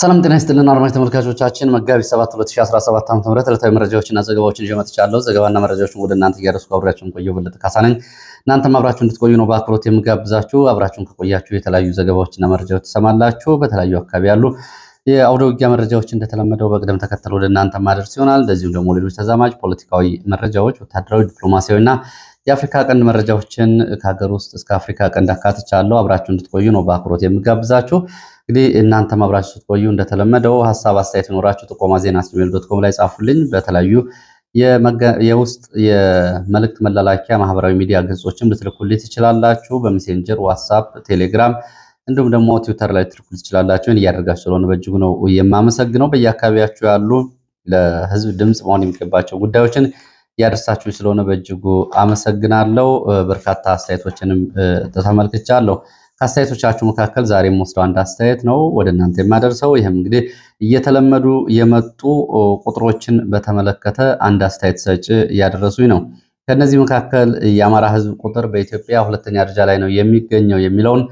ሰላም ጤና ይስጥልን አድማጭ ተመልካቾቻችን፣ መጋቢት 7 2017 ዓ ም ዕለታዊ መረጃዎችና ዘገባዎችን ይዤ መጥቻለሁ። ዘገባና መረጃዎችን ወደ እናንተ እያደረስኩ አብሬያችሁን ቆየሁ በለጠ ካሳ ነኝ። እናንተም አብራችሁ እንድትቆዩ ነው በአክብሮት የምጋብዛችሁ። አብራችሁን ከቆያችሁ የተለያዩ ዘገባዎችና መረጃዎች ትሰማላችሁ። በተለያዩ አካባቢ ያሉ የአውደ ውጊያ መረጃዎች እንደተለመደው በቅደም ተከተል ወደ እናንተ ማደርስ ይሆናል። እንደዚሁም ደግሞ ሌሎች ተዛማጅ ፖለቲካዊ መረጃዎች፣ ወታደራዊ፣ ዲፕሎማሲያዊና የአፍሪካ ቀንድ መረጃዎችን ከሀገር ውስጥ እስከ አፍሪካ ቀንድ አካትቻለሁ። አብራችሁ እንድትቆዩ ነው በአክብሮት የምጋብዛችሁ። እንግዲህ እናንተም አብራችሁ ስትቆዩ እንደተለመደው ሀሳብ አስተያየት ይኖራችሁ ጥቆማ ዜና ጂሜል ዶት ኮም ላይ ጻፉልኝ። በተለያዩ የውስጥ የመልእክት መላላኪያ ማህበራዊ ሚዲያ ገጾችም ልትልኩልኝ ትችላላችሁ። በሜሴንጀር፣ ዋትሳፕ፣ ቴሌግራም እንዲሁም ደግሞ ትዊተር ላይ ልትልኩልኝ ትችላላችሁ። እያደርጋችሁ ስለሆነ በእጅጉ ነው የማመሰግነው። በየአካባቢያችሁ ያሉ ለህዝብ ድምፅ መሆን የሚገባቸው ጉዳዮችን ያደርሳችሁ ስለሆነ በእጅጉ አመሰግናለሁ። በርካታ አስተያየቶችንም ተመልክቻለሁ። ከአስተያየቶቻችሁ መካከል ዛሬም ወስደው አንድ አስተያየት ነው ወደ እናንተ የማደርሰው። ይህም እንግዲህ እየተለመዱ የመጡ ቁጥሮችን በተመለከተ አንድ አስተያየት ሰጪ እያደረሱኝ ነው። ከእነዚህ መካከል የአማራ ሕዝብ ቁጥር በኢትዮጵያ ሁለተኛ ደረጃ ላይ ነው የሚገኘው የሚለውን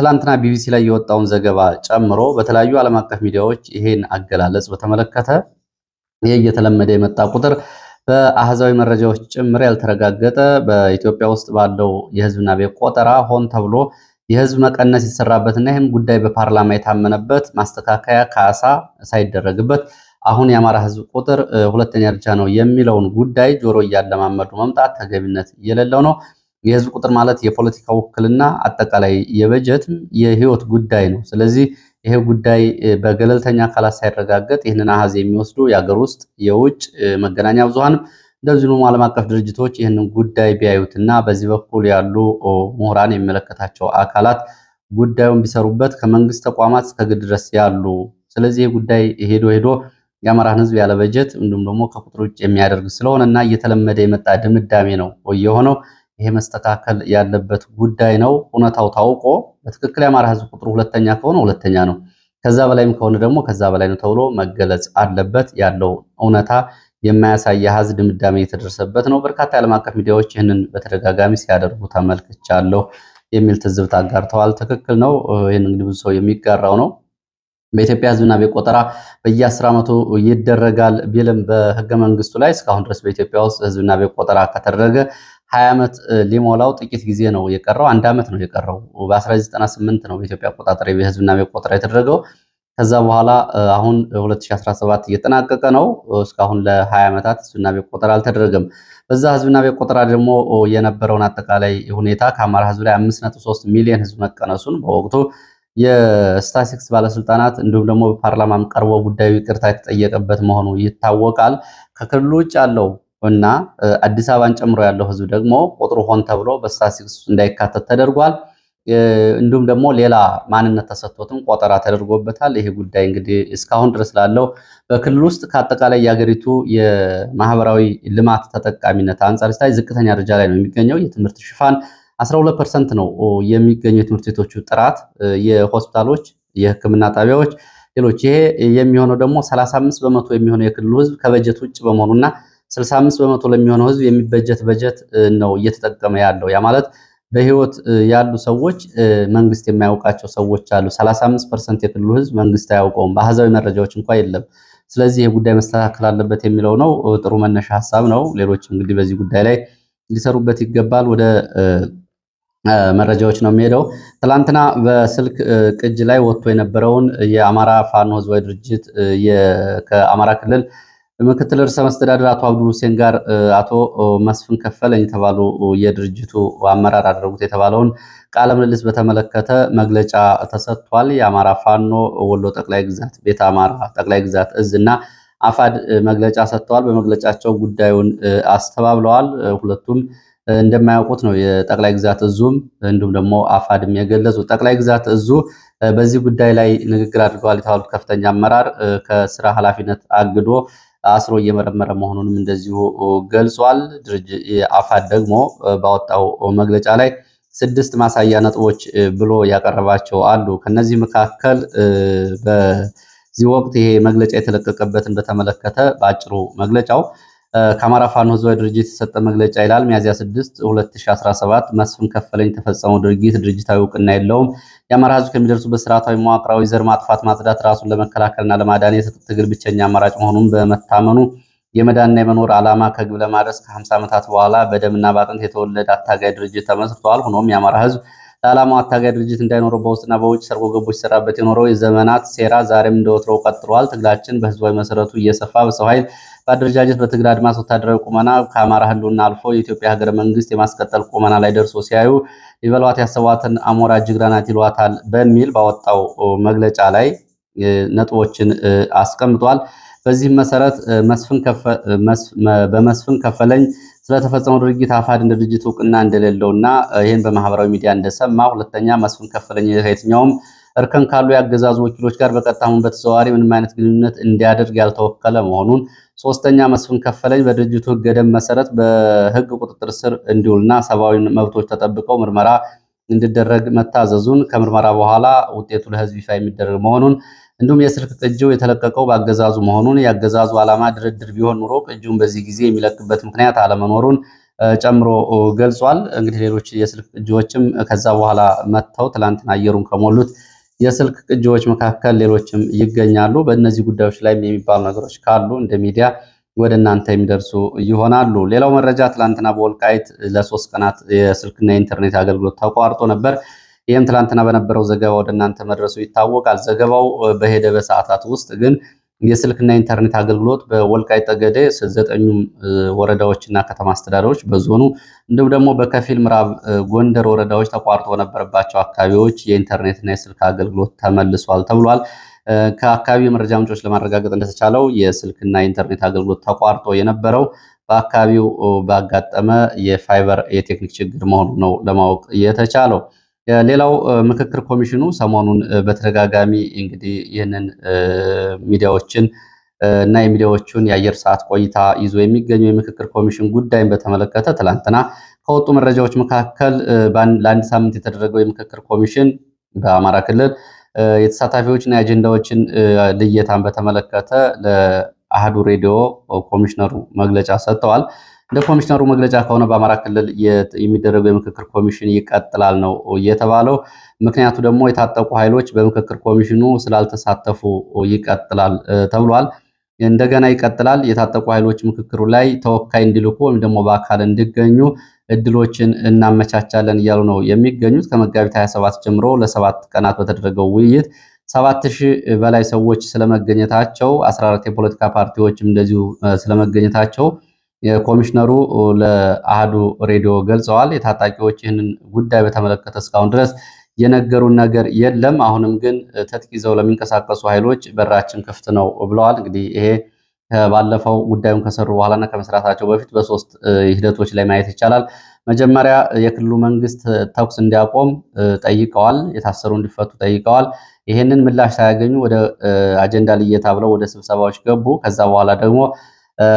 ትላንትና ቢቢሲ ላይ የወጣውን ዘገባ ጨምሮ በተለያዩ ዓለም አቀፍ ሚዲያዎች ይሄን አገላለጽ በተመለከተ ይህ እየተለመደ የመጣ ቁጥር በአህዛዊ መረጃዎች ጭምር ያልተረጋገጠ በኢትዮጵያ ውስጥ ባለው የህዝብና ቤት ቆጠራ ሆን ተብሎ የህዝብ መቀነስ የተሰራበትና ይህም ጉዳይ በፓርላማ የታመነበት ማስተካከያ ካሳ ሳይደረግበት አሁን የአማራ ህዝብ ቁጥር ሁለተኛ ደረጃ ነው የሚለውን ጉዳይ ጆሮ እያለማመዱ መምጣት ተገቢነት የሌለው ነው። የህዝብ ቁጥር ማለት የፖለቲካ ውክልና፣ አጠቃላይ የበጀት የህይወት ጉዳይ ነው። ስለዚህ ይሄ ጉዳይ በገለልተኛ አካላት ሳይረጋገጥ ይህንን አሃዝ የሚወስዱ የአገር ውስጥ የውጭ መገናኛ ብዙሃንም እንደዚሁም ዓለም አቀፍ ድርጅቶች ይህንን ጉዳይ ቢያዩትና በዚህ በኩል ያሉ ምሁራን የሚመለከታቸው አካላት ጉዳዩን ቢሰሩበት ከመንግስት ተቋማት እስከ ግድ ድረስ ያሉ። ስለዚህ ይህ ጉዳይ ሄዶ ሄዶ የአማራን ህዝብ ያለ በጀት እንዲሁም ደግሞ ከቁጥር ውጭ የሚያደርግ ስለሆነ እና እየተለመደ የመጣ ድምዳሜ ነው የሆነው። ይሄ መስተካከል ያለበት ጉዳይ ነው። እውነታው ታውቆ በትክክል የአማራ ህዝብ ቁጥሩ ሁለተኛ ከሆነ ሁለተኛ ነው፣ ከዛ በላይም ከሆነ ደግሞ ከዛ በላይ ነው ተብሎ መገለጽ አለበት። ያለው እውነታ የማያሳይ አሃዝ ድምዳሜ የተደረሰበት ነው። በርካታ የዓለም አቀፍ ሚዲያዎች ይህንን በተደጋጋሚ ሲያደርጉ ተመልክቻለሁ የሚል ትዝብት አጋርተዋል። ትክክል ነው። ይህን እንግዲህ ብዙ ሰው የሚጋራው ነው። በኢትዮጵያ ህዝብና ቤት ቆጠራ በየአስር ዓመቱ ይደረጋል ቢልም በህገ መንግስቱ ላይ እስካሁን ድረስ በኢትዮጵያ ውስጥ ህዝብና ቤት ቆጠራ ከተደረገ ሀያ ዓመት ሊሞላው ጥቂት ጊዜ ነው የቀረው። አንድ ዓመት ነው የቀረው። በ1998 ነው በኢትዮጵያ አቆጣጠር የህዝብና ቤት ቆጠራ የተደረገው። ከዛ በኋላ አሁን 2017 እየጠናቀቀ ነው። እስካሁን ለ20 ዓመታት ህዝብና ቤት ቆጠራ አልተደረገም። በዛ ህዝብና ቤት ቆጠራ ደግሞ የነበረውን አጠቃላይ ሁኔታ ከአማራ ህዝብ ላይ 5.3 ሚሊዮን ህዝብ መቀነሱን በወቅቱ የስታሲክስ ባለስልጣናት እንዲሁም ደግሞ በፓርላማም ቀርቦ ጉዳዩ ይቅርታ የተጠየቀበት መሆኑ ይታወቃል። ከክልሉ ውጭ ያለው እና አዲስ አበባን ጨምሮ ያለው ህዝብ ደግሞ ቁጥሩ ሆን ተብሎ በስታትስቲክስ እንዳይካተት ተደርጓል። እንዲሁም ደግሞ ሌላ ማንነት ተሰጥቶትም ቆጠራ ተደርጎበታል። ይሄ ጉዳይ እንግዲህ እስካሁን ድረስ ላለው በክልል ውስጥ ከአጠቃላይ የሀገሪቱ የማህበራዊ ልማት ተጠቃሚነት አንጻር ሲታይ ዝቅተኛ ደረጃ ላይ ነው የሚገኘው። የትምህርት ሽፋን 12 ፐርሰንት ነው የሚገኘው። የትምህርት ቤቶቹ ጥራት፣ የሆስፒታሎች፣ የህክምና ጣቢያዎች፣ ሌሎች ይሄ የሚሆነው ደግሞ 35 በመቶ የሚሆነው የክልሉ ህዝብ ከበጀት ውጭ በመሆኑና 65 በመቶ ለሚሆነው ህዝብ የሚበጀት በጀት ነው እየተጠቀመ ያለው። ያ ማለት በህይወት ያሉ ሰዎች መንግስት የማያውቃቸው ሰዎች አሉ። 35% የክልሉ ህዝብ መንግስት አያውቀውም፣ በአሃዛዊ መረጃዎች እንኳ የለም። ስለዚህ ይህ ጉዳይ መስተካከል አለበት የሚለው ነው። ጥሩ መነሻ ሀሳብ ነው። ሌሎች እንግዲህ በዚህ ጉዳይ ላይ ሊሰሩበት ይገባል። ወደ መረጃዎች ነው የሚሄደው። ትላንትና በስልክ ቅጅ ላይ ወጥቶ የነበረውን የአማራ ፋኖ ህዝባዊ ድርጅት ከአማራ ክልል ምክትል ርዕሰ መስተዳድር አቶ አብዱ ሁሴን ጋር አቶ መስፍን ከፈለኝ የተባሉ የድርጅቱ አመራር አደረጉት የተባለውን ቃለ ምልልስ በተመለከተ መግለጫ ተሰጥቷል። የአማራ ፋኖ ወሎ ጠቅላይ ግዛት ቤት አማራ ጠቅላይ ግዛት እዝ እና አፋድ መግለጫ ሰጥተዋል። በመግለጫቸው ጉዳዩን አስተባብለዋል። ሁለቱም እንደማያውቁት ነው የጠቅላይ ግዛት እዙም እንዲሁም ደግሞ አፋድም የገለጹ ጠቅላይ ግዛት እዙ በዚህ ጉዳይ ላይ ንግግር አድርገዋል የተባሉት ከፍተኛ አመራር ከስራ ኃላፊነት አግዶ አስሮ እየመረመረ መሆኑንም እንደዚሁ ገልጿል። አፋድ ደግሞ ባወጣው መግለጫ ላይ ስድስት ማሳያ ነጥቦች ብሎ ያቀረባቸው አሉ። ከነዚህ መካከል በዚህ ወቅት ይሄ መግለጫ የተለቀቀበትን በተመለከተ በአጭሩ መግለጫው ከአማራ ፋኖ ህዝባዊ ድርጅት የተሰጠ መግለጫ ይላል። ሚያዚያ 6 2017 መስፍን ከፈለኝ የተፈጸመው ድርጊት ድርጅታዊ እውቅና የለውም። የአማራ ህዝብ ከሚደርሱበት ስርዓታዊ መዋቅራዊ ዘር ማጥፋት ማጽዳት፣ ራሱን ለመከላከልና ለማዳን የትግል ብቸኛ አማራጭ መሆኑን በመታመኑ የመዳንና የመኖር ዓላማ ከግብ ለማድረስ ከ50 ዓመታት በኋላ በደምና በአጥንት የተወለደ አታጋይ ድርጅት ተመስርተዋል። ሆኖም የአማራ ህዝብ ለዓላማው አታጋይ ድርጅት እንዳይኖረው በውስጥና በውጭ ሰርጎ ገቦች ሲሰራበት የኖረው የዘመናት ሴራ ዛሬም እንደወትሮው ቀጥሏል። ትግላችን በህዝባዊ መሰረቱ እየሰፋ በሰው ኃይል በአደረጃጀት በትግራይ አድማስ ወታደራዊ ቁመና ከአማራ ህልውና አልፎ የኢትዮጵያ ሀገረ መንግስት የማስቀጠል ቁመና ላይ ደርሶ ሲያዩ ሊበሏት ያሰቧትን አሞራ ጅግራናት ይሏታል በሚል ባወጣው መግለጫ ላይ ነጥቦችን አስቀምጧል። በዚህም መሰረት በመስፍን ከፈለኝ ስለተፈጸመው ድርጊት አፋድ እንደ ድርጅት እውቅና እንደሌለውና ይህን በማህበራዊ ሚዲያ እንደሰማ፣ ሁለተኛ መስፍን ከፈለኝ ከየትኛውም እርከን ካሉ የአገዛዙ ወኪሎች ጋር በቀጥታም በተዘዋዋሪ ምንም አይነት ግንኙነት እንዲያደርግ ያልተወከለ መሆኑን ሶስተኛ መስፍን ከፈለኝ በድርጅቱ ህገ ደንብ መሰረት በህግ ቁጥጥር ስር እንዲውልና ሰብአዊ መብቶች ተጠብቀው ምርመራ እንዲደረግ መታዘዙን ከምርመራ በኋላ ውጤቱ ለህዝብ ይፋ የሚደረግ መሆኑን እንዲሁም የስልክ ቅጂው የተለቀቀው በአገዛዙ መሆኑን የአገዛዙ ዓላማ ድርድር ቢሆን ኑሮ ቅጂውን በዚህ ጊዜ የሚለቅበት ምክንያት አለመኖሩን ጨምሮ ገልጿል። እንግዲህ ሌሎች የስልክ ቅጂዎችም ከዛ በኋላ መጥተው ትላንትና አየሩን ከሞሉት የስልክ ቅጂዎች መካከል ሌሎችም ይገኛሉ። በእነዚህ ጉዳዮች ላይም የሚባሉ ነገሮች ካሉ እንደ ሚዲያ ወደ እናንተ የሚደርሱ ይሆናሉ። ሌላው መረጃ ትላንትና በወልቃይት ለሶስት ቀናት የስልክና የኢንተርኔት አገልግሎት ተቋርጦ ነበር። ይህም ትላንትና በነበረው ዘገባ ወደ እናንተ መድረሱ ይታወቃል። ዘገባው በሄደ በሰዓታት ውስጥ ግን የስልክና ኢንተርኔት አገልግሎት በወልቃይ ጠገዴ ዘጠኙም ወረዳዎችና ከተማ አስተዳደሮች በዞኑ እንዲሁም ደግሞ በከፊል ምዕራብ ጎንደር ወረዳዎች ተቋርጦ ነበረባቸው አካባቢዎች የኢንተርኔትና የስልክ አገልግሎት ተመልሷል ተብሏል። ከአካባቢ የመረጃ ምንጮች ለማረጋገጥ እንደተቻለው የስልክና ኢንተርኔት አገልግሎት ተቋርጦ የነበረው በአካባቢው ባጋጠመ የፋይበር የቴክኒክ ችግር መሆኑ ነው ለማወቅ የተቻለው። ሌላው ምክክር ኮሚሽኑ ሰሞኑን በተደጋጋሚ እንግዲህ ይህንን ሚዲያዎችን እና የሚዲያዎቹን የአየር ሰዓት ቆይታ ይዞ የሚገኘው የምክክር ኮሚሽን ጉዳይን በተመለከተ ትላንትና ከወጡ መረጃዎች መካከል ለአንድ ሳምንት የተደረገው የምክክር ኮሚሽን በአማራ ክልል የተሳታፊዎችና የአጀንዳዎችን ልየታን በተመለከተ ለአህዱ ሬዲዮ ኮሚሽነሩ መግለጫ ሰጥተዋል። እንደ ኮሚሽነሩ መግለጫ ከሆነ በአማራ ክልል የሚደረገው የምክክር ኮሚሽን ይቀጥላል ነው የተባለው። ምክንያቱ ደግሞ የታጠቁ ኃይሎች በምክክር ኮሚሽኑ ስላልተሳተፉ ይቀጥላል ተብሏል። እንደገና ይቀጥላል። የታጠቁ ኃይሎች ምክክሩ ላይ ተወካይ እንዲልኩ ወይም ደግሞ በአካል እንዲገኙ እድሎችን እናመቻቻለን እያሉ ነው የሚገኙት። ከመጋቢት 27 ጀምሮ ለሰባት ቀናት በተደረገው ውይይት ሰባት ሺህ በላይ ሰዎች ስለመገኘታቸው፣ 14 የፖለቲካ ፓርቲዎችም እንደዚሁ ስለመገኘታቸው ኮሚሽነሩ ለአህዱ ሬዲዮ ገልጸዋል። የታጣቂዎች ይህንን ጉዳይ በተመለከተ እስካሁን ድረስ የነገሩን ነገር የለም። አሁንም ግን ትጥቅ ይዘው ለሚንቀሳቀሱ ኃይሎች በራችን ክፍት ነው ብለዋል። እንግዲህ ይሄ ባለፈው ጉዳዩን ከሰሩ በኋላና ከመስራታቸው በፊት በሶስት ሂደቶች ላይ ማየት ይቻላል። መጀመሪያ የክልሉ መንግስት ተኩስ እንዲያቆም ጠይቀዋል። የታሰሩ እንዲፈቱ ጠይቀዋል። ይህንን ምላሽ ሳያገኙ ወደ አጀንዳ ልየታ ብለው ወደ ስብሰባዎች ገቡ። ከዛ በኋላ ደግሞ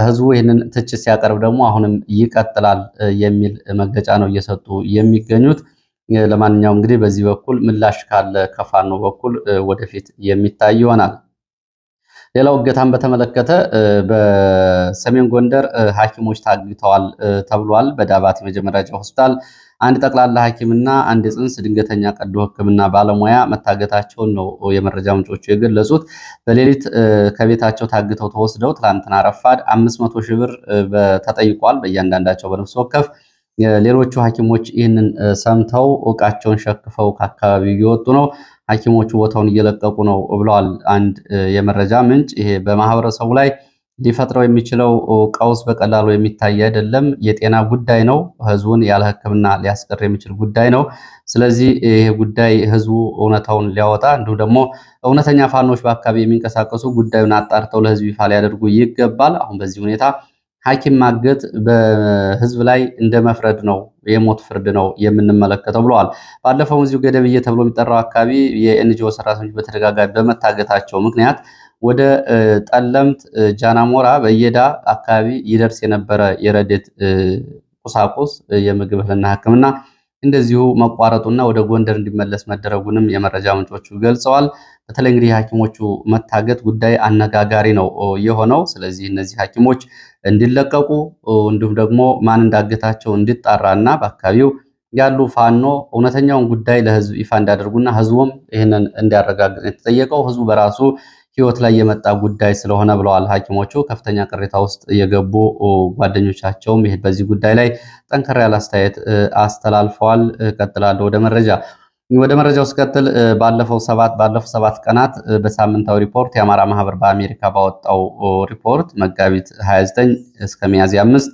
ህዝቡ ይህንን ትችት ሲያቀርብ ደግሞ አሁንም ይቀጥላል የሚል መግለጫ ነው እየሰጡ የሚገኙት። ለማንኛውም እንግዲህ በዚህ በኩል ምላሽ ካለ ከፋኖ በኩል ወደፊት የሚታይ ይሆናል። ሌላው እገታን በተመለከተ በሰሜን ጎንደር ሐኪሞች ታግተዋል ተብሏል። በዳባት የመጀመሪያ ሆስፒታል አንድ ጠቅላላ ሐኪምና አንድ የጽንስ ድንገተኛ ቀዶ ሕክምና ባለሙያ መታገታቸውን ነው የመረጃ ምንጮቹ የገለጹት። በሌሊት ከቤታቸው ታግተው ተወስደው ትላንትና ረፋድ አምስት መቶ ሺህ ብር ተጠይቋል በእያንዳንዳቸው በነፍስ ወከፍ። ሌሎቹ ሐኪሞች ይህንን ሰምተው እውቃቸውን ሸክፈው ከአካባቢው እየወጡ ነው። ሐኪሞቹ ቦታውን እየለቀቁ ነው ብለዋል አንድ የመረጃ ምንጭ። ይሄ በማህበረሰቡ ላይ ሊፈጥረው የሚችለው ቀውስ በቀላሉ የሚታይ አይደለም። የጤና ጉዳይ ነው። ህዝቡን ያለ ሕክምና ሊያስቀር የሚችል ጉዳይ ነው። ስለዚህ ይሄ ጉዳይ ህዝቡ እውነታውን ሊያወጣ እንዲሁም ደግሞ እውነተኛ ፋኖች በአካባቢ የሚንቀሳቀሱ ጉዳዩን አጣርተው ለህዝብ ይፋ ሊያደርጉ ይገባል። አሁን በዚህ ሁኔታ ሐኪም ማገት በህዝብ ላይ እንደ መፍረድ ነው፣ የሞት ፍርድ ነው የምንመለከተው ብለዋል። ባለፈው እዚሁ ገደብዬ ተብሎ የሚጠራው አካባቢ የኤንጂኦ ሰራተኞች በተደጋጋሚ በመታገታቸው ምክንያት ወደ ጠለምት፣ ጃናሞራ፣ በየዳ አካባቢ ይደርስ የነበረ የረድኤት ቁሳቁስ የምግብ እህልና ሕክምና እንደዚሁ መቋረጡና ወደ ጎንደር እንዲመለስ መደረጉንም የመረጃ ምንጮቹ ገልጸዋል። በተለይ እንግዲህ የሐኪሞቹ መታገት ጉዳይ አነጋጋሪ ነው የሆነው። ስለዚህ እነዚህ ሐኪሞች እንዲለቀቁ እንዲሁም ደግሞ ማን እንዳገታቸው እንዲጣራ እና በአካባቢው ያሉ ፋኖ እውነተኛውን ጉዳይ ለህዝብ ይፋ እንዲያደርጉና ህዝቡም ይህንን እንዲያረጋግጥ የተጠየቀው ህዝቡ በራሱ ህይወት ላይ የመጣ ጉዳይ ስለሆነ ብለዋል ሐኪሞቹ ከፍተኛ ቅሬታ ውስጥ የገቡ ጓደኞቻቸውም ይህ በዚህ ጉዳይ ላይ ጠንከር ያለ አስተያየት አስተላልፈዋል። ቀጥላለሁ ወደ መረጃ ወደ መረጃው ስቀጥል ባለፈው ሰባት ባለፈው ሰባት ቀናት በሳምንታዊ ሪፖርት የአማራ ማህበር በአሜሪካ ባወጣው ሪፖርት መጋቢት 29 እስከ ሚያዝያ 5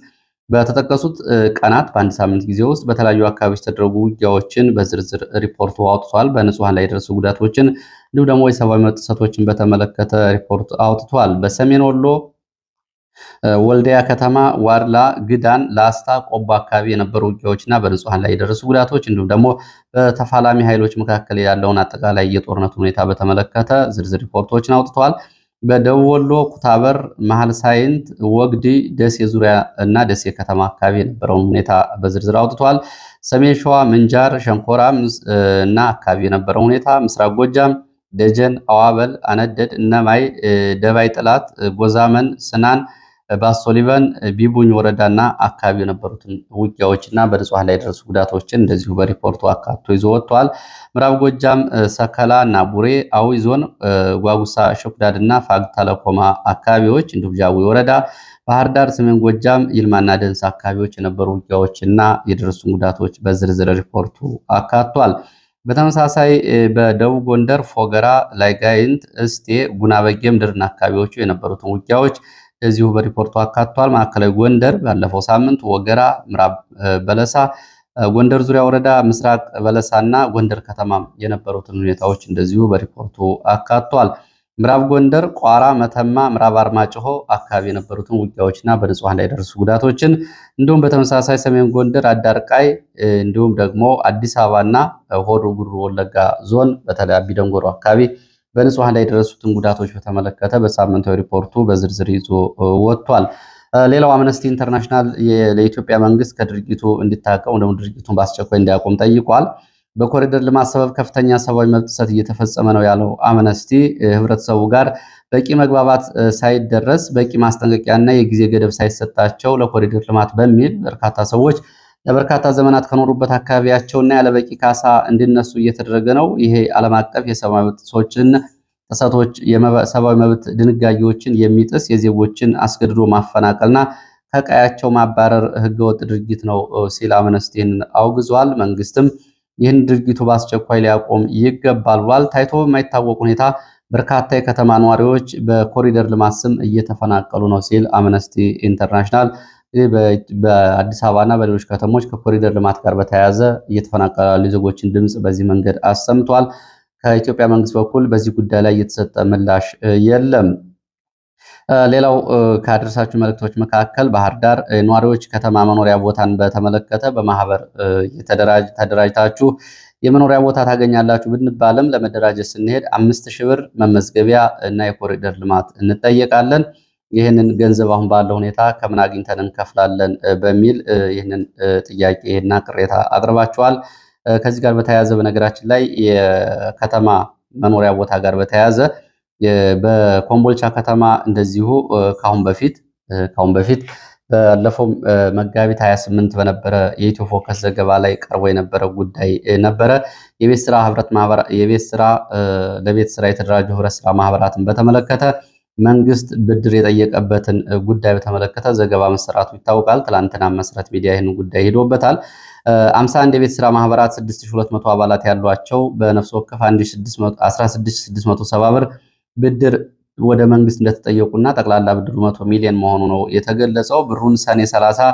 በተጠቀሱት ቀናት በአንድ ሳምንት ጊዜ ውስጥ በተለያዩ አካባቢዎች የተደረጉ ውጊያዎችን በዝርዝር ሪፖርቱ አውጥቷል። በንጹሐን ላይ የደረሱ ጉዳቶችን እንዲሁም ደግሞ የሰብአዊ መብት ጥሰቶችን በተመለከተ ሪፖርት አውጥቷል። በሰሜን ወሎ ወልዲያ ከተማ፣ ዋድላ፣ ግዳን፣ ላስታ፣ ቆቦ አካባቢ የነበሩ ውጊያዎችና በንጹሐን ላይ የደረሱ ጉዳቶች እንዲሁም ደግሞ በተፋላሚ ኃይሎች መካከል ያለውን አጠቃላይ የጦርነቱ ሁኔታ በተመለከተ ዝርዝር ሪፖርቶችን አውጥተዋል። በደቡብ ወሎ ኩታበር፣ መሀል ሳይንት፣ ወግዲ፣ ደሴ ዙሪያ እና ደሴ ከተማ አካባቢ የነበረውን ሁኔታ በዝርዝር አውጥተዋል። ሰሜን ሸዋ፣ ምንጃር፣ ሸንኮራ እና አካባቢ የነበረው ሁኔታ፣ ምስራቅ ጎጃም፣ ደጀን፣ አዋበል፣ አነደድ፣ እነማይ፣ ደባይ፣ ጥላት፣ ጎዛመን፣ ስናን ባስ ሶሊቫን ቢቡኝ ወረዳና አካባቢ የነበሩትን ውጊያዎችና በንጹሐን ላይ የደረሱ ጉዳቶችን እንደዚሁ በሪፖርቱ አካቶ ይዞ ወጥተዋል። ምዕራብ ጎጃም ሰከላ እና ቡሬ አዊ ዞን ጓጉሳ ሾክዳድ እና ፋግታ ለኮማ አካባቢዎች እንዲሁም ጃዊ ወረዳ፣ ባህር ዳር፣ ሰሜን ጎጃም ይልማና ደንስ አካባቢዎች የነበሩ ውጊያዎችና የደረሱ ጉዳቶች በዝርዝር ሪፖርቱ አካቷል። በተመሳሳይ በደቡብ ጎንደር ፎገራ፣ ላይጋይንት፣ እስቴ፣ ጉና፣ በጌምድርና አካባቢዎቹ የነበሩትን ውጊያዎች እዚሁ በሪፖርቱ አካቷል። ማዕከላዊ ጎንደር ባለፈው ሳምንት ወገራ፣ ምዕራብ በለሳ፣ ጎንደር ዙሪያ ወረዳ፣ ምስራቅ በለሳ እና ጎንደር ከተማ የነበሩትን ሁኔታዎች እንደዚሁ በሪፖርቱ አካቷል። ምዕራብ ጎንደር ቋራ፣ መተማ፣ ምዕራብ አርማጭሆ አካባቢ የነበሩትን ውጊያዎችና በንጹሐን ላይ የደረሱ ጉዳቶችን እንዲሁም በተመሳሳይ ሰሜን ጎንደር አዳርቃይ እንዲሁም ደግሞ አዲስ አበባና ሆሮ ጉሩ ወለጋ ዞን በተለይ ደንጎሮ አካባቢ በንጹሐን ላይ የደረሱትን ጉዳቶች በተመለከተ በሳምንታዊ ሪፖርቱ በዝርዝር ይዞ ወጥቷል። ሌላው አምነስቲ ኢንተርናሽናል ለኢትዮጵያ መንግስት ከድርጊቱ እንዲታቀም ወደ ድርጊቱን በአስቸኳይ እንዲያቆም ጠይቋል። በኮሪደር ልማት ሰበብ ከፍተኛ ሰብአዊ መብት ጥሰት እየተፈጸመ ነው ያለው አምነስቲ ህብረተሰቡ ጋር በቂ መግባባት ሳይደረስ በቂ ማስጠንቀቂያና የጊዜ ገደብ ሳይሰጣቸው ለኮሪደር ልማት በሚል በርካታ ሰዎች ለበርካታ ዘመናት ከኖሩበት አካባቢያቸውና ያለበቂ ካሳ እንዲነሱ እየተደረገ ነው። ይሄ ዓለም አቀፍ የሰብአዊ መብት ጥሰቶችን ጥሰቶች የሰብአዊ መብት ድንጋጌዎችን የሚጥስ የዜጎችን አስገድዶ ማፈናቀልና ከቀያቸው ማባረር ህገወጥ ድርጊት ነው ሲል አምነስቲን አውግዟል። መንግስትም ይህን ድርጊቱ በአስቸኳይ ሊያቆም ይገባል ብሏል። ታይቶ በማይታወቅ ሁኔታ በርካታ የከተማ ነዋሪዎች በኮሪደር ልማት ስም እየተፈናቀሉ ነው ሲል አምነስቲ ኢንተርናሽናል እንግዲህ በአዲስ አበባና በሌሎች ከተሞች ከኮሪደር ልማት ጋር በተያያዘ እየተፈናቀሉ ያሉ ዜጎችን ድምፅ በዚህ መንገድ አሰምቷል። ከኢትዮጵያ መንግስት በኩል በዚህ ጉዳይ ላይ እየተሰጠ ምላሽ የለም። ሌላው ካደረሳችሁ መልእክቶች መካከል ባህር ዳር ነዋሪዎች ከተማ መኖሪያ ቦታን በተመለከተ በማህበር ተደራጅታችሁ የመኖሪያ ቦታ ታገኛላችሁ ብንባልም ለመደራጀት ስንሄድ አምስት ሺህ ብር መመዝገቢያ እና የኮሪደር ልማት እንጠየቃለን። ይህንን ገንዘብ አሁን ባለው ሁኔታ ከምን አግኝተን እንከፍላለን በሚል ይህንን ጥያቄ እና ቅሬታ አቅርባቸዋል። ከዚህ ጋር በተያያዘ በነገራችን ላይ የከተማ መኖሪያ ቦታ ጋር በተያያዘ በኮምቦልቻ ከተማ እንደዚሁ ካሁን በፊት ካሁን በፊት ባለፈው መጋቢት 28 በነበረ የኢትዮ ፎከስ ዘገባ ላይ ቀርቦ የነበረ ጉዳይ ነበረ። የቤት ስራ ህብረት የቤት ስራ ለቤት ስራ የተደራጀ ህብረት ስራ ማህበራትን በተመለከተ መንግስት ብድር የጠየቀበትን ጉዳይ በተመለከተ ዘገባ መሰራቱ ይታወቃል። ትላንትና መሰረት ሚዲያ ይህን ጉዳይ ሄዶበታል። 51 የቤት ስራ ማህበራት 6200 አባላት ያሏቸው በነፍስ ወከፍ 16670 ብር ብድር ወደ መንግስት እንደተጠየቁና ጠቅላላ ብድሩ 100 ሚሊዮን መሆኑ ነው የተገለጸው። ብሩን ሰኔ 30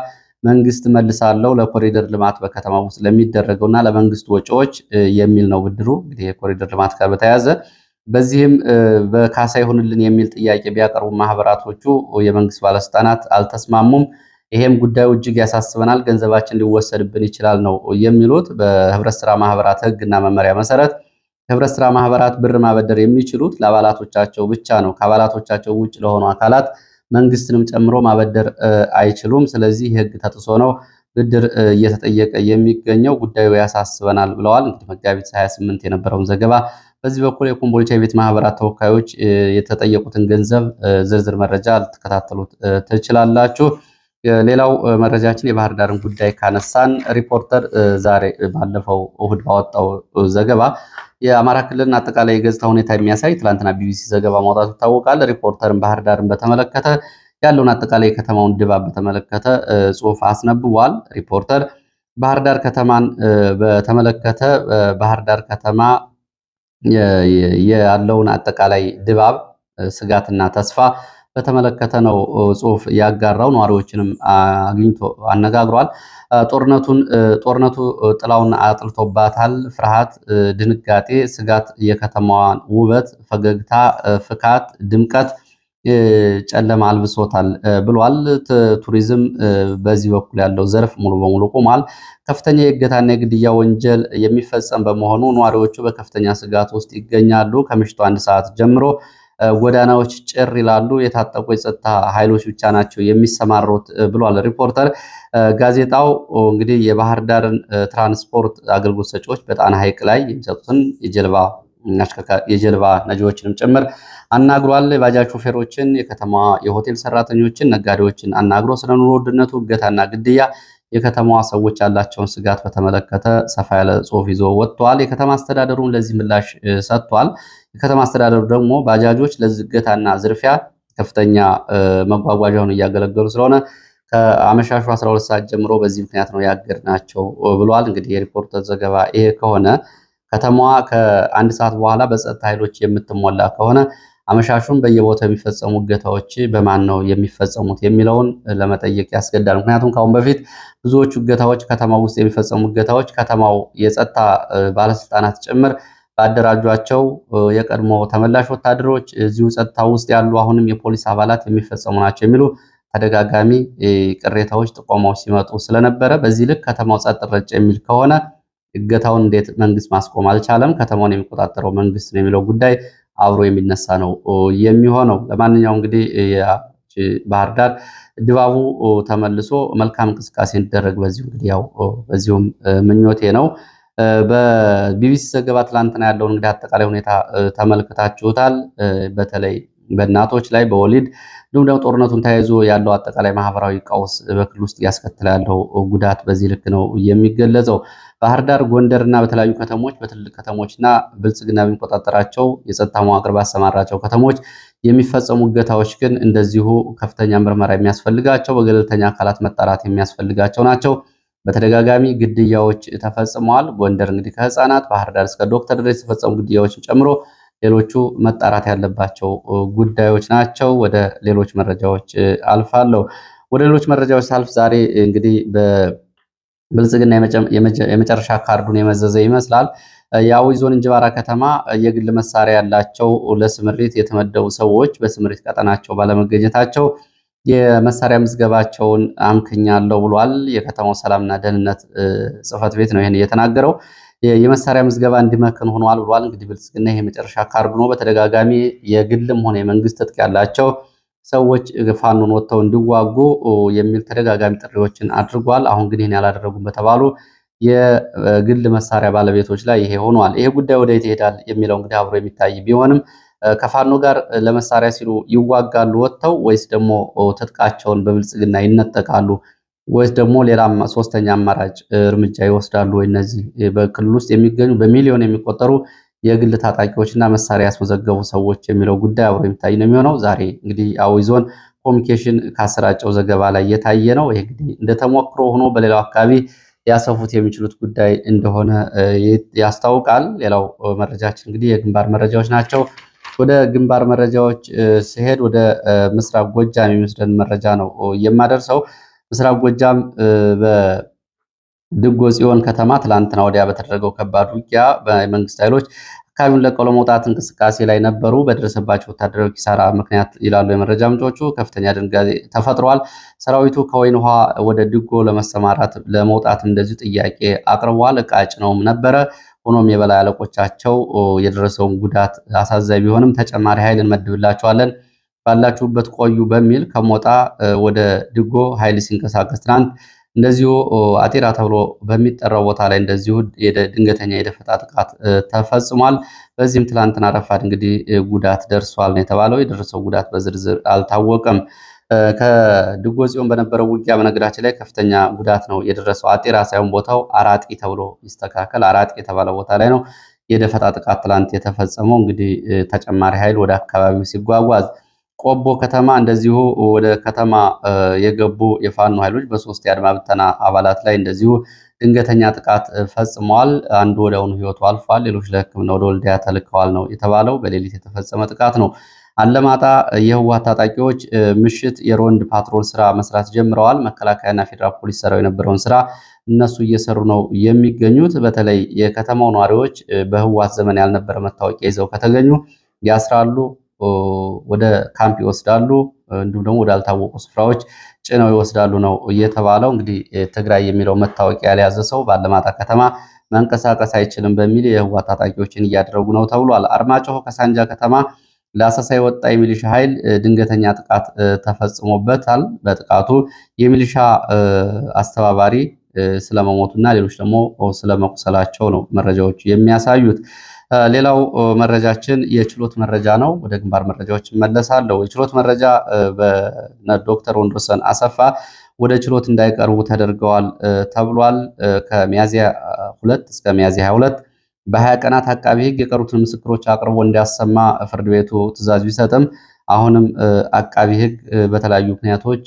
መንግስት መልሳለው ለኮሪደር ልማት በከተማ ውስጥ ለሚደረገውና ለመንግስት ወጪዎች የሚል ነው ብድሩ። እንግዲህ የኮሪደር ልማት ጋር በተያያዘ በዚህም በካሳ ይሁንልን የሚል ጥያቄ ቢያቀርቡ ማህበራቶቹ የመንግስት ባለስልጣናት አልተስማሙም። ይሄም ጉዳዩ እጅግ ያሳስበናል፣ ገንዘባችን ሊወሰድብን ይችላል ነው የሚሉት። በህብረት ስራ ማህበራት ህግና መመሪያ መሰረት ህብረት ስራ ማህበራት ብር ማበደር የሚችሉት ለአባላቶቻቸው ብቻ ነው። ከአባላቶቻቸው ውጭ ለሆኑ አካላት መንግስትንም ጨምሮ ማበደር አይችሉም። ስለዚህ ህግ ተጥሶ ነው ብድር እየተጠየቀ የሚገኘው ጉዳዩ ያሳስበናል ብለዋል። እንግዲህ መጋቢት 28 የነበረውን ዘገባ በዚህ በኩል የኮምቦልቻ የቤት ማህበራት ተወካዮች የተጠየቁትን ገንዘብ ዝርዝር መረጃ ልትከታተሉ ትችላላችሁ። ሌላው መረጃችን የባህር ዳርን ጉዳይ ካነሳን ሪፖርተር ዛሬ ባለፈው እሁድ ባወጣው ዘገባ የአማራ ክልልን አጠቃላይ የገጽታ ሁኔታ የሚያሳይ ትላንትና ቢቢሲ ዘገባ ማውጣቱ ይታወቃል። ሪፖርተርን ባህር ዳርን በተመለከተ ያለውን አጠቃላይ የከተማውን ድባብ በተመለከተ ጽሑፍ አስነብቧል። ሪፖርተር ባህር ዳር ከተማን በተመለከተ ባህር ዳር ከተማ ያለውን አጠቃላይ ድባብ ስጋትና ተስፋ በተመለከተ ነው ጽሁፍ ያጋራው። ነዋሪዎችንም አግኝቶ አነጋግሯል። ጦርነቱን ጦርነቱ ጥላውን አጥልቶባታል። ፍርሃት፣ ድንጋጤ፣ ስጋት የከተማዋን ውበት፣ ፈገግታ፣ ፍካት፣ ድምቀት ጨለማ አልብሶታል ብሏል። ቱሪዝም በዚህ በኩል ያለው ዘርፍ ሙሉ በሙሉ ቆሟል። ከፍተኛ የእገታና የግድያ ወንጀል የሚፈጸም በመሆኑ ነዋሪዎቹ በከፍተኛ ስጋት ውስጥ ይገኛሉ። ከምሽቱ አንድ ሰዓት ጀምሮ ጎዳናዎች ጭር ይላሉ። የታጠቁ የጸጥታ ኃይሎች ብቻ ናቸው የሚሰማሩት ብሏል ሪፖርተር። ጋዜጣው እንግዲህ የባህር ዳርን ትራንስፖርት አገልግሎት ሰጪዎች በጣና ሐይቅ ላይ የሚሰጡትን የጀልባ ነጂዎችንም ጭምር አናግሯል። የባጃጅ ሾፌሮችን፣ የከተማ የሆቴል ሰራተኞችን፣ ነጋዴዎችን አናግሮ ስለ ኑሮ ውድነቱ፣ እገታና ግድያ የከተማዋ ሰዎች ያላቸውን ስጋት በተመለከተ ሰፋ ያለ ጽሁፍ ይዞ ወጥቷል። የከተማ አስተዳደሩ ለዚህ ምላሽ ሰጥቷል። የከተማ አስተዳደሩ ደግሞ ባጃጆች ለዝገታና ዝርፊያ ከፍተኛ መጓጓዣውን እያገለገሉ ስለሆነ ከአመሻሹ 12 ሰዓት ጀምሮ በዚህ ምክንያት ነው ያገድ ናቸው ብሏል። እንግዲህ የሪፖርተር ዘገባ ይሄ ከሆነ ከተማዋ ከአንድ ሰዓት በኋላ በጸጥታ ኃይሎች የምትሞላ ከሆነ አመሻሹን በየቦታው የሚፈጸሙ እገታዎች በማን ነው የሚፈጸሙት የሚለውን ለመጠየቅ ያስገዳል። ምክንያቱም ከአሁን በፊት ብዙዎቹ እገታዎች ከተማው ውስጥ የሚፈጸሙ እገታዎች ከተማው የጸጥታ ባለስልጣናት ጭምር ባደራጇቸው የቀድሞ ተመላሽ ወታደሮች እዚሁ ጸጥታ ውስጥ ያሉ አሁንም የፖሊስ አባላት የሚፈጸሙ ናቸው የሚሉ ተደጋጋሚ ቅሬታዎች፣ ጥቆማዎች ሲመጡ ስለነበረ በዚህ ልክ ከተማው ጸጥ ረጭ የሚል ከሆነ እገታውን እንዴት መንግስት ማስቆም አልቻለም? ከተማውን የሚቆጣጠረው መንግስት ነው የሚለው ጉዳይ አብሮ የሚነሳ ነው የሚሆነው። ለማንኛውም እንግዲህ ባህር ዳር ድባቡ ተመልሶ መልካም እንቅስቃሴ እንዲደረግ በዚሁ እንግዲህ ያው በዚሁም ምኞቴ ነው። በቢቢሲ ዘገባ ትላንትና ያለውን እንግዲህ አጠቃላይ ሁኔታ ተመልክታችሁታል። በተለይ በእናቶች ላይ በወሊድ እንዲሁም ደግሞ ጦርነቱን ተያይዞ ያለው አጠቃላይ ማህበራዊ ቀውስ በክልል ውስጥ እያስከተለ ያለው ጉዳት በዚህ ልክ ነው የሚገለጸው። ባህር ዳር፣ እና በተለያዩ ከተሞች ከተሞች ከተሞችና ብልጽግና የሚቆጣጠራቸው የጸጥታ መዋቅር ባሰማራቸው ከተሞች የሚፈጸሙ እገታዎች ግን እንደዚሁ ከፍተኛ ምርመራ የሚያስፈልጋቸው በገለልተኛ አካላት መጣራት የሚያስፈልጋቸው ናቸው። በተደጋጋሚ ግድያዎች ተፈጽመዋል። ጎንደር እንግዲህ ከህፃናት ባህር ዳር እስከ ዶክተር ድረስ የተፈጸሙ ግድያዎችን ጨምሮ ሌሎቹ መጣራት ያለባቸው ጉዳዮች ናቸው። ወደ ሌሎች መረጃዎች አልፋለሁ። ወደ ሌሎች መረጃዎች ሳልፍ ዛሬ እንግዲህ በብልጽግና የመጨረሻ ካርዱን የመዘዘ ይመስላል። የአዊ ዞን እንጅባራ ከተማ የግል መሳሪያ ያላቸው ለስምሪት የተመደቡ ሰዎች በስምሪት ቀጠናቸው ባለመገኘታቸው የመሳሪያ ምዝገባቸውን አምክኛለሁ ብሏል። የከተማው ሰላምና ደህንነት ጽሕፈት ቤት ነው ይህን እየተናገረው የመሳሪያ ምዝገባ እንዲመክን ሆኗል ብሏል። እንግዲህ ብልጽግና ይሄ የመጨረሻ ካርድ ነው። በተደጋጋሚ የግልም ሆነ የመንግስት ትጥቅ ያላቸው ሰዎች ፋኖን ወጥተው እንዲዋጉ የሚል ተደጋጋሚ ጥሪዎችን አድርጓል። አሁን ግን ይህን ያላደረጉም በተባሉ የግል መሳሪያ ባለቤቶች ላይ ይሄ ሆኗል። ይሄ ጉዳይ ወደ የት ይሄዳል የሚለው እንግዲህ አብሮ የሚታይ ቢሆንም ከፋኖ ጋር ለመሳሪያ ሲሉ ይዋጋሉ ወጥተው ወይስ ደግሞ ትጥቃቸውን በብልጽግና ይነጠቃሉ ወይስ ደግሞ ሌላ ሶስተኛ አማራጭ እርምጃ ይወስዳሉ ወይ? እነዚህ በክልል ውስጥ የሚገኙ በሚሊዮን የሚቆጠሩ የግል ታጣቂዎችና መሳሪያ ያስመዘገቡ ሰዎች የሚለው ጉዳይ አብሮ የሚታይ ነው የሚሆነው። ዛሬ እንግዲህ አዊ ዞን ኮሚኒኬሽን ካሰራጨው ዘገባ ላይ እየታየ ነው። ይህ እንግዲህ እንደተሞክሮ ሆኖ በሌላው አካባቢ ሊያሰፉት የሚችሉት ጉዳይ እንደሆነ ያስታውቃል። ሌላው መረጃችን እንግዲህ የግንባር መረጃዎች ናቸው። ወደ ግንባር መረጃዎች ሲሄድ ወደ ምስራቅ ጎጃም የሚወስደን መረጃ ነው የማደርሰው። ምስራቅ ጎጃም በድጎ ጽዮን ከተማ ትላንትና ወዲያ በተደረገው ከባድ ውጊያ በመንግስት ኃይሎች አካባቢውን ለቀው ለመውጣት እንቅስቃሴ ላይ ነበሩ። በደረሰባቸው ወታደራዊ ኪሳራ ምክንያት ይላሉ የመረጃ ምንጮቹ ከፍተኛ ድንጋጤ ተፈጥሯል። ሰራዊቱ ከወይን ውሃ ወደ ድጎ ለመሰማራት ለመውጣት እንደዚሁ ጥያቄ አቅርቧል። እቃ ጭነውም ነበረ። ሆኖም የበላይ አለቆቻቸው የደረሰውን ጉዳት አሳዛኝ ቢሆንም ተጨማሪ ኃይል እንመድብላቸዋለን ባላችሁበት ቆዩ በሚል ከሞጣ ወደ ድጎ ኃይል ሲንቀሳቀስ ትናንት እንደዚሁ አጤራ ተብሎ በሚጠራው ቦታ ላይ እንደዚሁ ድንገተኛ የደፈጣ ጥቃት ተፈጽሟል። በዚህም ትላንትና ረፋድ እንግዲህ ጉዳት ደርሷል ነው የተባለው። የደረሰው ጉዳት በዝርዝር አልታወቀም። ከድጎ ጽዮን በነበረው ውጊያ በነገዳችን ላይ ከፍተኛ ጉዳት ነው የደረሰው። አጤራ ሳይሆን ቦታው አራጢ ተብሎ ይስተካከል። አራጢ የተባለ ቦታ ላይ ነው የደፈጣ ጥቃት ትላንት የተፈጸመው። እንግዲህ ተጨማሪ ኃይል ወደ አካባቢው ሲጓጓዝ ቆቦ ከተማ እንደዚሁ ወደ ከተማ የገቡ የፋኖ ኃይሎች በሶስት የአድማ ብተና አባላት ላይ እንደዚሁ ድንገተኛ ጥቃት ፈጽመዋል። አንዱ ወዲያውኑ ህይወቱ አልፏል። ሌሎች ለሕክምና ወደ ወልዲያ ተልከዋል ነው የተባለው። በሌሊት የተፈጸመ ጥቃት ነው። አለማጣ የህወሓት ታጣቂዎች ምሽት የሮንድ ፓትሮል ስራ መስራት ጀምረዋል። መከላከያና ፌዴራል ፖሊስ ሰራው የነበረውን ስራ እነሱ እየሰሩ ነው የሚገኙት። በተለይ የከተማው ነዋሪዎች በህወሓት ዘመን ያልነበረ መታወቂያ ይዘው ከተገኙ ያስራሉ ወደ ካምፕ ይወስዳሉ፣ እንዲሁም ደግሞ ወዳልታወቁ ስፍራዎች ጭነው ይወስዳሉ ነው እየተባለው። እንግዲህ ትግራይ የሚለው መታወቂያ ያልያዘ ሰው በአለማጣ ከተማ መንቀሳቀስ አይችልም በሚል የህዋ ታጣቂዎችን እያደረጉ ነው ተብሏል። አርማጭሆ ከሳንጃ ከተማ ለአሰሳ የወጣ የሚሊሻ ኃይል ድንገተኛ ጥቃት ተፈጽሞበታል። በጥቃቱ የሚሊሻ አስተባባሪ ስለመሞቱና ሌሎች ደግሞ ስለመቁሰላቸው ነው መረጃዎች የሚያሳዩት። ሌላው መረጃችን የችሎት መረጃ ነው። ወደ ግንባር መረጃዎች መለሳለሁ የችሎት መረጃ ዶክተር ወንድወሰን አሰፋ ወደ ችሎት እንዳይቀርቡ ተደርገዋል ተብሏል። ከሚያዚያ ሁለት እስከ ሚያዚያ 22 በሀያ ቀናት አቃቢ ህግ የቀሩትን ምስክሮች አቅርቦ እንዲያሰማ ፍርድ ቤቱ ትዕዛዝ ቢሰጥም አሁንም አቃቢ ህግ በተለያዩ ምክንያቶች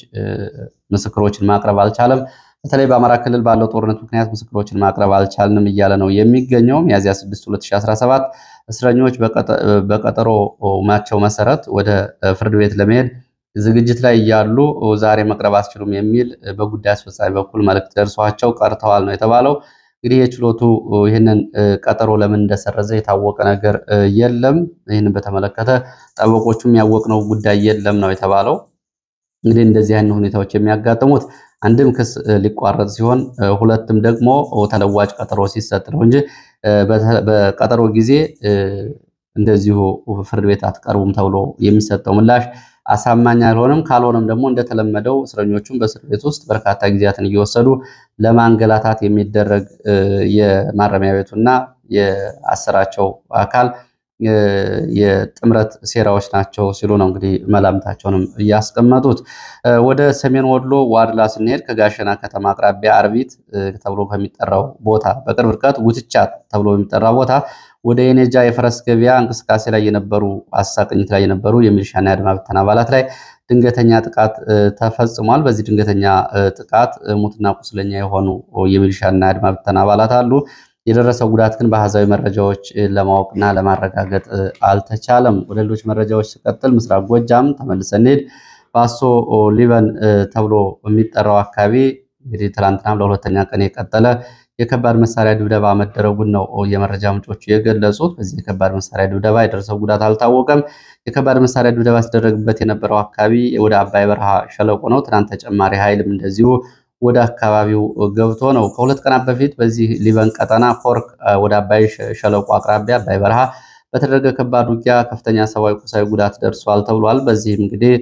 ምስክሮችን ማቅረብ አልቻለም። በተለይ በአማራ ክልል ባለው ጦርነት ምክንያት ምስክሮችን ማቅረብ አልቻልንም እያለ ነው የሚገኘው። ሚያዝያ 6 2017 እስረኞች ማቸው መሰረት ወደ ፍርድ ቤት ለመሄድ ዝግጅት ላይ እያሉ ዛሬ መቅረብ አስችሉም የሚል በጉዳይ አስፈጻሚ በኩል መልእክት ደርሷቸው ቀርተዋል ነው የተባለው። እንግዲህ የችሎቱ ይህንን ቀጠሮ ለምን እንደሰረዘ የታወቀ ነገር የለም። ይህንን በተመለከተ ጠበቆቹም ያወቅነው ጉዳይ የለም ነው የተባለው። እንግዲህ እንደዚህ አይነት ሁኔታዎች የሚያጋጥሙት አንድም ክስ ሊቋረጥ ሲሆን፣ ሁለትም ደግሞ ተለዋጭ ቀጠሮ ሲሰጥ ነው እንጂ በቀጠሮ ጊዜ እንደዚሁ ፍርድ ቤት አትቀርቡም ተብሎ የሚሰጠው ምላሽ አሳማኝ አልሆነም። ካልሆነም ደግሞ እንደተለመደው እስረኞቹም በእስር ቤት ውስጥ በርካታ ጊዜያትን እየወሰዱ ለማንገላታት የሚደረግ የማረሚያ ቤቱና የአሰራቸው አካል የጥምረት ሴራዎች ናቸው ሲሉ ነው እንግዲህ መላምታቸውንም እያስቀመጡት። ወደ ሰሜን ወሎ ዋድላ ስንሄድ ከጋሸና ከተማ አቅራቢያ አርቢት ተብሎ ከሚጠራው ቦታ በቅርብ ርቀት ውትቻ ተብሎ በሚጠራ ቦታ ወደ የኔጃ የፈረስ ገበያ እንቅስቃሴ ላይ የነበሩ አሳቅኝት ላይ የነበሩ የሚሊሻና የአድማ ብተና አባላት ላይ ድንገተኛ ጥቃት ተፈጽሟል። በዚህ ድንገተኛ ጥቃት ሙትና ቁስለኛ የሆኑ የሚሊሻና የአድማ ብተና አባላት አሉ። የደረሰው ጉዳት ግን በአሃዛዊ መረጃዎች ለማወቅና ለማረጋገጥ አልተቻለም። ወደ ሌሎች መረጃዎች ሲቀጥል ምስራቅ ጎጃም ተመልሰን እንሂድ። ባሶ ሊበን ተብሎ የሚጠራው አካባቢ እንግዲህ ትላንትና ለሁለተኛ ቀን የቀጠለ የከባድ መሳሪያ ድብደባ መደረጉን ነው የመረጃ ምንጮቹ የገለጹት። በዚህ የከባድ መሳሪያ ድብደባ የደረሰው ጉዳት አልታወቀም። የከባድ መሳሪያ ድብደባ ሲደረግበት የነበረው አካባቢ ወደ አባይ በረሃ ሸለቆ ነው። ትናንት ተጨማሪ ኃይልም እንደዚሁ ወደ አካባቢው ገብቶ ነው። ከሁለት ቀናት በፊት በዚህ ሊበን ቀጠና ኮርክ ወደ አባይ ሸለቆ አቅራቢያ አባይ በረሃ በተደረገ ከባድ ውጊያ ከፍተኛ ሰብአዊ፣ ቁሳዊ ጉዳት ደርሷል ተብሏል። በዚህም እንግዲህ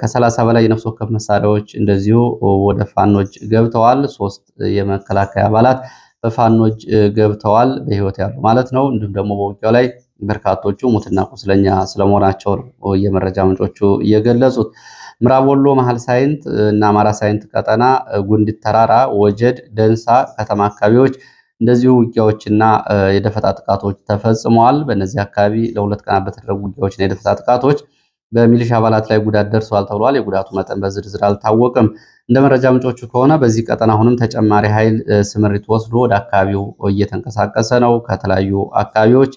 ከሰላሳ በላይ የነፍስ ወከፍ መሳሪያዎች እንደዚሁ ወደ ፋኖች ገብተዋል። ሶስት የመከላከያ አባላት በፋኖች ገብተዋል በህይወት ያሉ ማለት ነው። እንዲሁም ደግሞ በውጊያው ላይ በርካቶቹ ሙትና ቁስለኛ ስለመሆናቸው ነው የመረጃ ምንጮቹ የገለጹት። ምዕራብ ወሎ መሀል ሳይንት እና አማራ ሳይንት ቀጠና፣ ጉንድ ተራራ፣ ወጀድ፣ ደንሳ ከተማ አካባቢዎች እንደዚሁ ውጊያዎችና የደፈጣ ጥቃቶች ተፈጽመዋል። በእነዚህ አካባቢ ለሁለት ቀናት በተደረጉ ውጊያዎችና የደፈጣ ጥቃቶች በሚሊሻ አባላት ላይ ጉዳት ደርሰዋል ተብሏል። የጉዳቱ መጠን በዝርዝር አልታወቅም። እንደ መረጃ ምንጮቹ ከሆነ በዚህ ቀጠና አሁንም ተጨማሪ ኃይል ስምሪት ወስዶ ወደ አካባቢው እየተንቀሳቀሰ ነው። ከተለያዩ አካባቢዎች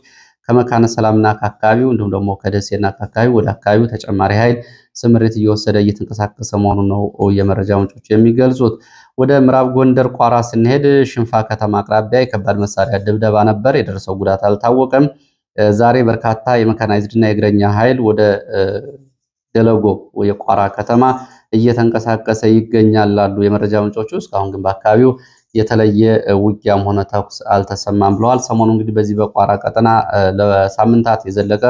ከመካነ ሰላምና ከአካባቢው እንዲሁም ደግሞ ከደሴና ከአካባቢው ወደ አካባቢው ተጨማሪ ኃይል ስምሪት እየወሰደ እየተንቀሳቀሰ መሆኑን ነው የመረጃ ምንጮች የሚገልጹት። ወደ ምዕራብ ጎንደር ቋራ ስንሄድ ሽንፋ ከተማ አቅራቢያ የከባድ መሳሪያ ድብደባ ነበር። የደረሰው ጉዳት አልታወቀም። ዛሬ በርካታ የመካናይዝድና የእግረኛ ኃይል ወደ ደለጎ የቋራ ከተማ እየተንቀሳቀሰ ይገኛል አሉ የመረጃ ምንጮቹ። እስካሁን ግን በአካባቢው የተለየ ውጊያም ሆነ ተኩስ አልተሰማም ብለዋል። ሰሞኑ እንግዲህ በዚህ በቋራ ቀጠና ለሳምንታት የዘለቀ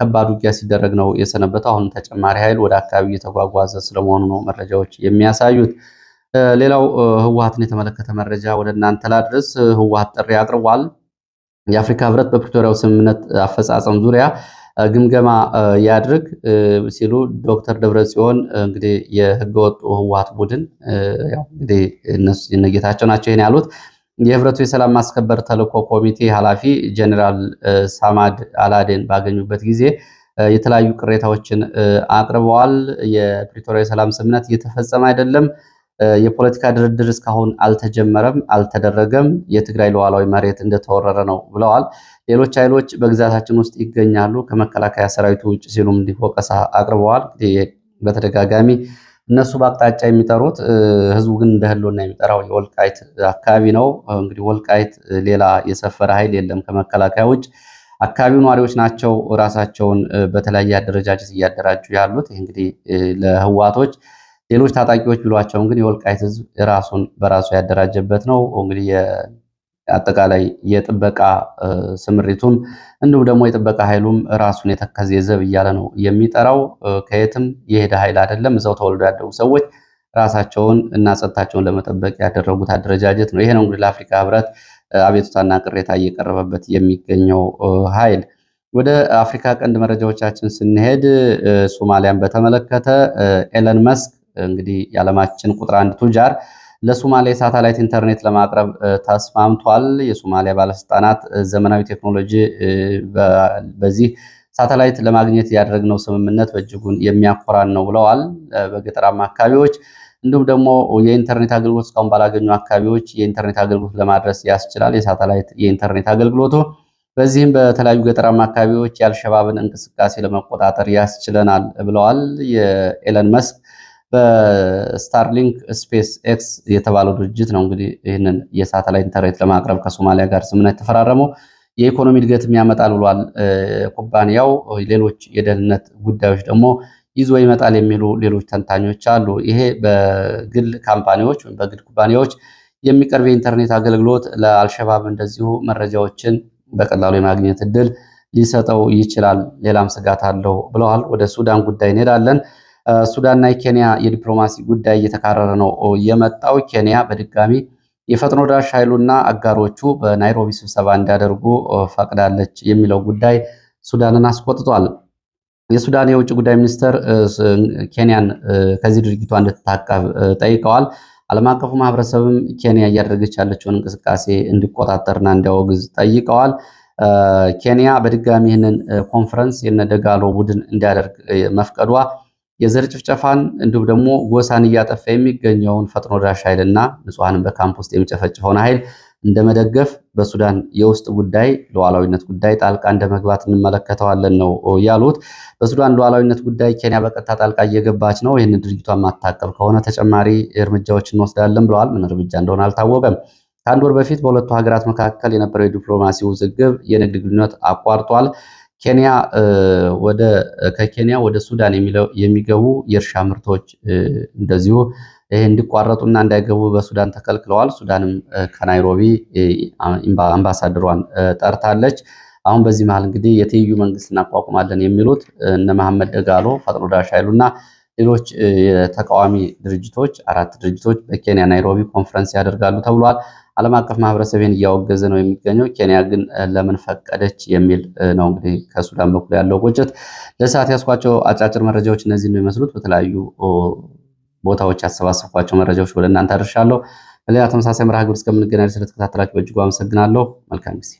ከባድ ውጊያ ሲደረግ ነው የሰነበተው። አሁን ተጨማሪ ኃይል ወደ አካባቢ እየተጓጓዘ ስለመሆኑ ነው መረጃዎች የሚያሳዩት። ሌላው ህወሓትን የተመለከተ መረጃ ወደ እናንተ ላድርስ። ህወሓት ጥሪ አቅርቧል። የአፍሪካ ህብረት በፕሪቶሪያው ስምምነት አፈጻጸም ዙሪያ ግምገማ ያድርግ ሲሉ ዶክተር ጽዮን እንግዲህ የህገወጡ ህወሓት ቡድን እንግዲህ እነሱ ጌታቸው ናቸው ይህን ያሉት የህብረቱ የሰላም ማስከበር ተልእኮ ኮሚቴ ኃላፊ ጀኔራል ሳማድ አላዴን ባገኙበት ጊዜ የተለያዩ ቅሬታዎችን አቅርበዋል። የፕሪቶሪያ የሰላም ስምምነት እየተፈጸመ አይደለም፣ የፖለቲካ ድርድር እስካሁን አልተጀመረም፣ አልተደረገም፣ የትግራይ ሉዓላዊ መሬት እንደተወረረ ነው ብለዋል። ሌሎች ኃይሎች በግዛታችን ውስጥ ይገኛሉ ከመከላከያ ሰራዊቱ ውጭ ሲሉም እንዲህ ወቀሳ አቅርበዋል። በተደጋጋሚ እነሱ በአቅጣጫ የሚጠሩት ህዝቡ ግን እንደ ህልውና የሚጠራው የወልቃይት አካባቢ ነው። እንግዲህ ወልቃይት ሌላ የሰፈረ ኃይል የለም ከመከላከያ ውጭ። አካባቢው ነዋሪዎች ናቸው ራሳቸውን በተለያየ አደረጃጀት እያደራጁ ያሉት። ይህ እንግዲህ ለህዋቶች ሌሎች ታጣቂዎች ብሏቸውን ግን የወልቃይት ህዝብ ራሱን በራሱ ያደራጀበት ነው እንግዲህ አጠቃላይ የጥበቃ ስምሪቱን እንዲሁም ደግሞ የጥበቃ ኃይሉም ራሱን የተከዜ ዘብ እያለ ነው የሚጠራው። ከየትም የሄደ ኃይል አይደለም። እዛው ተወልዶ ያደጉ ሰዎች ራሳቸውን እና ጸጥታቸውን ለመጠበቅ ያደረጉት አደረጃጀት ነው። ይሄ ነው እንግዲህ ለአፍሪካ ህብረት አቤቱታና ቅሬታ እየቀረበበት የሚገኘው ኃይል። ወደ አፍሪካ ቀንድ መረጃዎቻችን ስንሄድ ሶማሊያን በተመለከተ ኤለን መስክ እንግዲህ የዓለማችን ቁጥር አንድ ቱጃር ለሶማሊያ ሳተላይት ኢንተርኔት ለማቅረብ ተስማምቷል። የሶማሊያ ባለስልጣናት ዘመናዊ ቴክኖሎጂ በዚህ ሳተላይት ለማግኘት ያደረግነው ስምምነት በእጅጉን የሚያኮራን ነው ብለዋል። በገጠራማ አካባቢዎች እንዲሁም ደግሞ የኢንተርኔት አገልግሎት እስካሁን ባላገኙ አካባቢዎች የኢንተርኔት አገልግሎት ለማድረስ ያስችላል። የሳተላይት የኢንተርኔት አገልግሎቱ በዚህም በተለያዩ ገጠራማ አካባቢዎች የአልሸባብን እንቅስቃሴ ለመቆጣጠር ያስችለናል ብለዋል። የኤለን መስክ በስታርሊንክ ስፔስ ኤክስ የተባለው ድርጅት ነው እንግዲህ ይህንን የሳተላይት ኢንተርኔት ለማቅረብ ከሶማሊያ ጋር ስምምነት የተፈራረመው። የኢኮኖሚ እድገትም ያመጣል ብሏል ኩባንያው። ሌሎች የደህንነት ጉዳዮች ደግሞ ይዞ ይመጣል የሚሉ ሌሎች ተንታኞች አሉ። ይሄ በግል ካምፓኒዎች ወይም በግል ኩባንያዎች የሚቀርብ የኢንተርኔት አገልግሎት ለአልሸባብ እንደዚሁ መረጃዎችን በቀላሉ የማግኘት እድል ሊሰጠው ይችላል። ሌላም ስጋት አለው ብለዋል። ወደ ሱዳን ጉዳይ እንሄዳለን። ሱዳንና የኬንያ የዲፕሎማሲ ጉዳይ እየተካረረ ነው የመጣው። ኬንያ በድጋሚ የፈጥኖ ደራሽ ኃይሉና አጋሮቹ በናይሮቢ ስብሰባ እንዲያደርጉ ፈቅዳለች የሚለው ጉዳይ ሱዳንን አስቆጥቷል። የሱዳን የውጭ ጉዳይ ሚኒስትር ኬንያን ከዚህ ድርጊቷ እንድትታቀብ ጠይቀዋል። ዓለም አቀፉ ማህበረሰብም ኬንያ እያደረገች ያለችውን እንቅስቃሴ እንዲቆጣጠርና እንዲያወግዝ ጠይቀዋል። ኬንያ በድጋሚ ይህንን ኮንፈረንስ የነደጋሎ ቡድን እንዲያደርግ መፍቀዷ የዘር ጭፍጨፋን እንዲሁም ደግሞ ጎሳን እያጠፋ የሚገኘውን ፈጥኖ ደራሽ ኃይልና ንጹሐንን በካምፕ ውስጥ የሚጨፈጭፈውን ኃይል እንደመደገፍ በሱዳን የውስጥ ጉዳይ ሉዓላዊነት ጉዳይ ጣልቃ እንደመግባት እንመለከተዋለን ነው ያሉት። በሱዳን ሉዓላዊነት ጉዳይ ኬንያ በቀጥታ ጣልቃ እየገባች ነው፣ ይህን ድርጊቷን ማታቀብ ከሆነ ተጨማሪ እርምጃዎች እንወስዳለን ብለዋል። ምን እርምጃ እንደሆነ አልታወቀም። ከአንድ ወር በፊት በሁለቱ ሀገራት መካከል የነበረው የዲፕሎማሲ ውዝግብ የንግድ ግንኙነት አቋርጧል። ኬንያ ወደ ከኬንያ ወደ ሱዳን የሚገቡ የእርሻ ምርቶች እንደዚሁ እንዲቋረጡና እንዳይገቡ በሱዳን ተከልክለዋል። ሱዳንም ከናይሮቢ አምባሳደሯን ጠርታለች። አሁን በዚህ መሃል እንግዲህ የትይዩ መንግስት እናቋቁማለን የሚሉት እነ መሐመድ ደጋሎ፣ ፈጥኖ ዳሽ እና ሌሎች የተቃዋሚ ድርጅቶች አራት ድርጅቶች በኬንያ ናይሮቢ ኮንፈረንስ ያደርጋሉ ተብሏል። ዓለም አቀፍ ማህበረሰብን እያወገዘ ነው የሚገኘው። ኬንያ ግን ለምን ፈቀደች የሚል ነው እንግዲህ ከሱዳን በኩል ያለው ቁጭት። ለሰዓት ያስኳቸው አጫጭር መረጃዎች እነዚህ ነው የሚመስሉት። በተለያዩ ቦታዎች ያሰባሰብኳቸው መረጃዎች ወደ እናንተ አድርሻለሁ። በሌላ ተመሳሳይ መርሃ ግብር እስከምንገናኝ ስለተከታተላችሁ በእጅጉ አመሰግናለሁ። መልካም ጊዜ